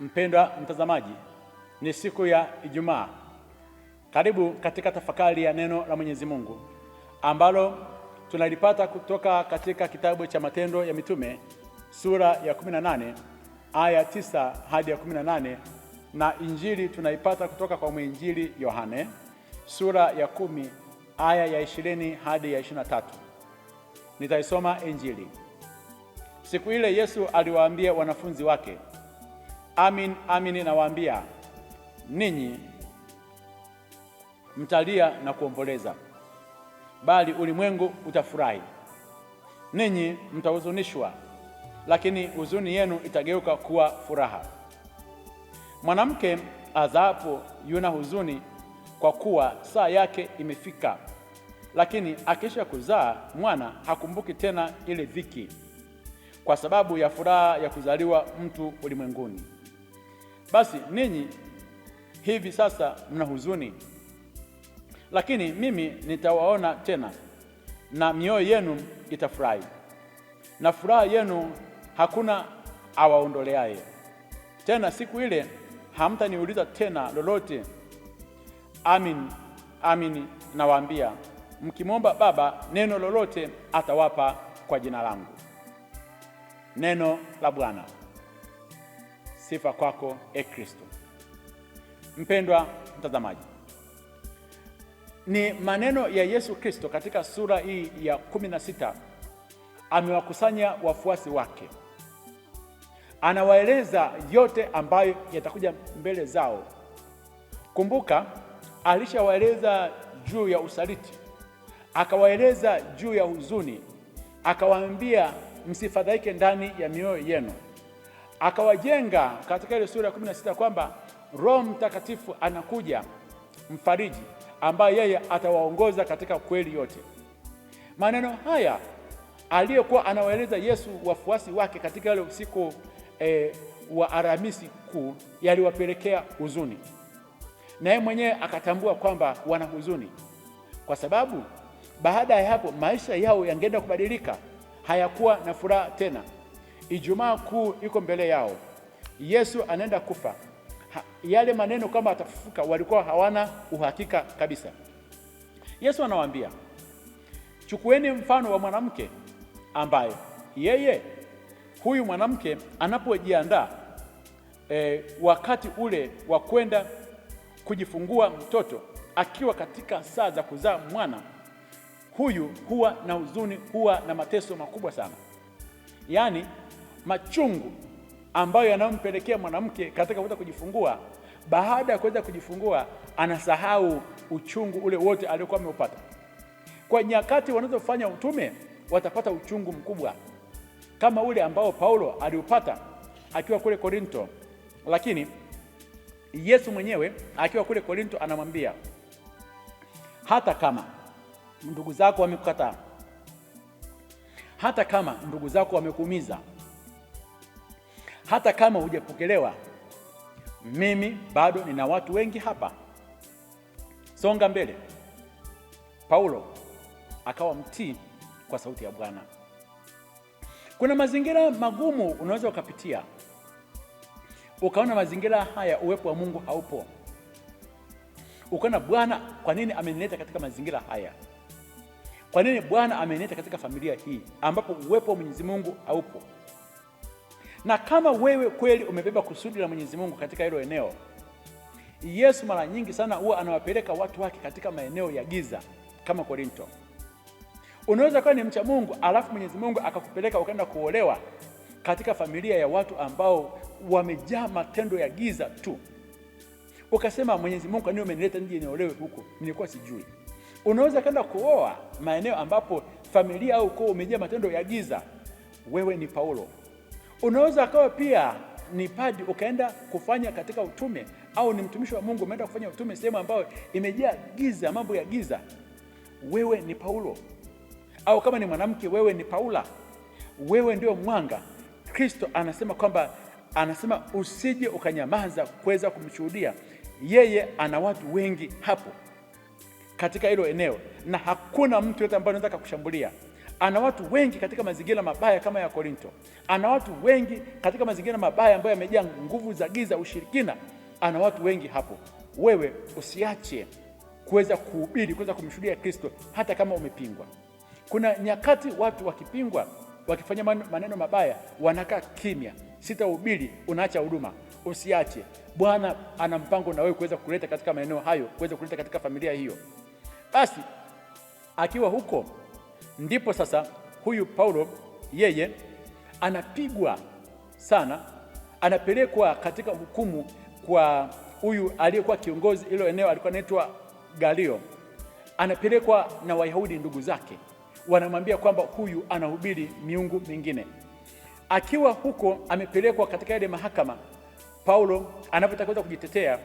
Mpendwa mtazamaji, ni siku ya Ijumaa. Karibu katika tafakari ya neno la Mwenyezi Mungu ambalo tunalipata kutoka katika kitabu cha Matendo ya Mitume sura ya 18 aya 9 hadi ya 18, na injili tunaipata kutoka kwa mwinjili Yohane sura ya kumi aya ya 20 hadi ya 23. Nitaisoma injili. Siku ile Yesu aliwaambia wanafunzi wake Amin, amin nawaambia ninyi mtalia na kuomboleza, bali ulimwengu utafurahi. Ninyi mtahuzunishwa, lakini huzuni yenu itageuka kuwa furaha. Mwanamke azaapo yuna huzuni kwa kuwa saa yake imefika, lakini akisha kuzaa mwana hakumbuki tena ile dhiki, kwa sababu ya furaha ya kuzaliwa mtu ulimwenguni. Basi ninyi hivi sasa mna huzuni, lakini mimi nitawaona tena, na mioyo yenu itafurahi, na furaha yenu hakuna awaondoleaye. Tena siku ile hamtaniuliza tena lolote. Amin, amin nawaambia, mkimwomba Baba neno lolote atawapa kwa jina langu. Neno la Bwana. Sifa kwako e Kristo. Mpendwa mtazamaji, ni maneno ya Yesu Kristo katika sura hii ya 16. Amewakusanya wafuasi wake, anawaeleza yote ambayo yatakuja mbele zao. Kumbuka, alishawaeleza juu ya usaliti, akawaeleza juu ya huzuni, akawaambia msifadhaike ndani ya mioyo yenu akawajenga katika ile sura ya 16 kwamba Roho Mtakatifu anakuja mfariji, ambaye yeye atawaongoza katika kweli yote. Maneno haya aliyokuwa anawaeleza Yesu wafuasi wake katika ile usiku e, wa Alhamisi Kuu yaliwapelekea huzuni, na yeye mwenyewe akatambua kwamba wana huzuni, kwa sababu baada ya hapo maisha yao yangeenda kubadilika, hayakuwa na furaha tena. Ijumaa Kuu iko mbele yao, Yesu anaenda kufa. Ha, yale maneno kama atafufuka walikuwa hawana uhakika kabisa. Yesu anawaambia, chukueni mfano wa mwanamke ambaye yeye huyu mwanamke anapojiandaa e, wakati ule wa kwenda kujifungua mtoto akiwa katika saa za kuzaa mwana huyu, huwa na huzuni, huwa na mateso makubwa sana, yaani machungu ambayo yanayompelekea mwanamke katika kuweza kujifungua. Baada ya kuweza kujifungua, anasahau uchungu ule wote aliokuwa ameupata kwa nyakati wanazofanya utume, watapata uchungu mkubwa kama ule ambao Paulo aliupata akiwa kule Korinto, lakini Yesu mwenyewe akiwa kule Korinto anamwambia hata kama ndugu zako wamekukataa, hata kama ndugu zako wamekuumiza hata kama hujapokelewa, mimi bado nina watu wengi hapa. Songa mbele. Paulo akawa mtii kwa sauti ya Bwana. Kuna mazingira magumu unaweza ukapitia, ukaona mazingira haya, uwepo wa Mungu haupo, ukaona Bwana, kwa nini amenileta katika mazingira haya? Kwa nini Bwana amenileta katika familia hii ambapo uwepo wa Mwenyezi Mungu haupo? Na kama wewe kweli umebeba kusudi la Mwenyezi Mungu katika hilo eneo, Yesu mara nyingi sana huwa anawapeleka watu wake katika maeneo ya giza kama Korinto. Unaweza kuwa ni mcha Mungu alafu Mwenyezi Mungu akakupeleka ukaenda kuolewa katika familia ya watu ambao wamejaa matendo ya giza tu, ukasema Mwenyezi Mungu, kwa nini umenileta nje niolewe huko? Nilikuwa sijui. Unaweza kwenda kuoa maeneo ambapo familia au ukoo umejaa matendo ya giza. Wewe ni Paulo Unaweza akawa pia ni padi ukaenda kufanya katika utume, au ni mtumishi wa Mungu umeenda kufanya utume sehemu ambayo imejaa giza, mambo ya giza. Wewe ni Paulo, au kama ni mwanamke, wewe ni Paula, wewe ndio mwanga. Kristo anasema kwamba anasema usije ukanyamaza kuweza kumshuhudia yeye. Ana watu wengi hapo katika hilo eneo, na hakuna mtu yote ambaye anaweza kukushambulia ana watu wengi katika mazingira mabaya kama ya Korinto, ana watu wengi katika mazingira mabaya ambayo yamejaa nguvu za giza, ushirikina, ana watu wengi hapo. Wewe usiache kuweza kuhubiri, kuweza kumshuhudia Kristo hata kama umepingwa. Kuna nyakati watu wakipingwa, wakifanya maneno mabaya, wanakaa kimya, sitahubiri, unaacha huduma. Usiache, Bwana ana mpango na wewe kuweza kuleta katika maeneo hayo, kuweza kuleta katika familia hiyo. Basi akiwa huko Ndipo sasa huyu Paulo yeye anapigwa sana, anapelekwa katika hukumu kwa huyu aliyekuwa kiongozi ilo eneo, alikuwa anaitwa Galio. Anapelekwa na Wayahudi ndugu zake, wanamwambia kwamba huyu anahubiri miungu mingine. Akiwa huko amepelekwa katika ile mahakama, Paulo anapotaka kujitetea,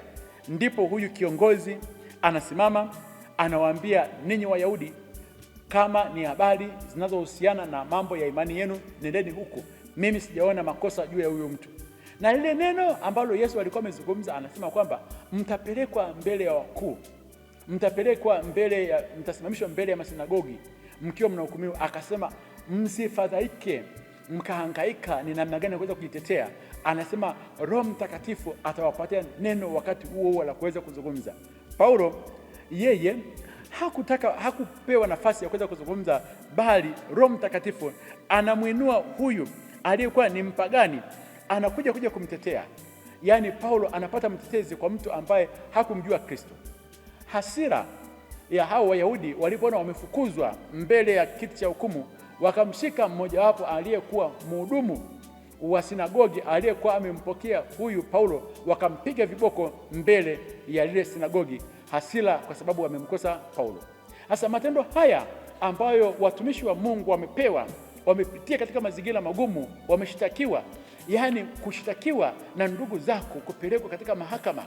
ndipo huyu kiongozi anasimama anawaambia, ninyi Wayahudi kama ni habari zinazohusiana na mambo ya imani yenu, nendeni huko. Mimi sijaona makosa juu ya huyo mtu. Na lile neno ambalo Yesu alikuwa amezungumza, anasema kwamba mtapelekwa mbele ya wakuu, mtapelekwa mbele ya, mtasimamishwa mbele ya masinagogi mkiwa mnahukumiwa. Akasema msifadhaike mkahangaika ni namna gani ya kuweza kujitetea. Anasema Roho Mtakatifu atawapatia neno wakati huo huo la kuweza kuzungumza. Paulo yeye hakutaka hakupewa nafasi ya kuweza kuzungumza, bali Roho Mtakatifu anamwinua huyu aliyekuwa ni mpagani, anakuja kuja kumtetea. Yaani Paulo anapata mtetezi kwa mtu ambaye hakumjua Kristo. Hasira ya hao Wayahudi walipoona wamefukuzwa mbele ya kiti cha hukumu, wakamshika mmojawapo aliyekuwa mhudumu wa sinagogi aliyekuwa amempokea huyu Paulo, wakampiga viboko mbele ya lile sinagogi hasira kwa sababu wamemkosa Paulo. hasa matendo haya ambayo watumishi wa Mungu wamepewa, wamepitia katika mazingira magumu, wameshitakiwa yaani kushitakiwa na ndugu zako, kupelekwa katika mahakama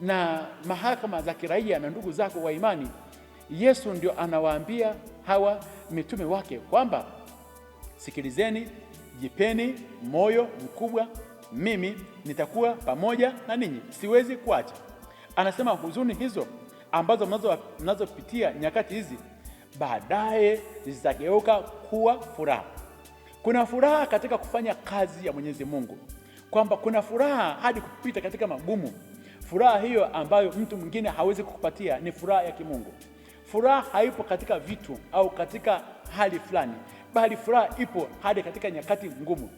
na mahakama za kiraia na ndugu zako wa imani. Yesu ndio anawaambia hawa mitume wake kwamba sikilizeni, jipeni moyo mkubwa, mimi nitakuwa pamoja na ninyi, siwezi kuacha. Anasema huzuni hizo ambazo mnazopitia nyakati hizi baadaye zitageuka kuwa furaha. Kuna furaha katika kufanya kazi ya Mwenyezi Mungu, kwamba kuna furaha hadi kupita katika magumu. Furaha hiyo ambayo mtu mwingine hawezi kukupatia ni furaha ya kimungu. Furaha haipo katika vitu au katika hali fulani, bali furaha ipo hadi katika nyakati ngumu.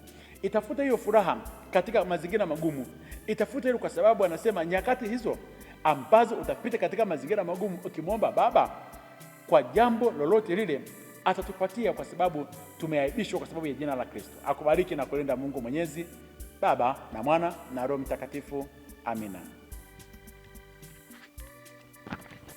Itafuta hiyo furaha katika mazingira magumu, itafuta hilo, kwa sababu anasema nyakati hizo ambazo utapita katika mazingira magumu, ukimwomba Baba kwa jambo lolote lile atatupatia, kwa sababu tumeaibishwa kwa sababu ya jina la Kristo. Akubariki na kulinda Mungu Mwenyezi, Baba na Mwana na Roho Mtakatifu. Amina.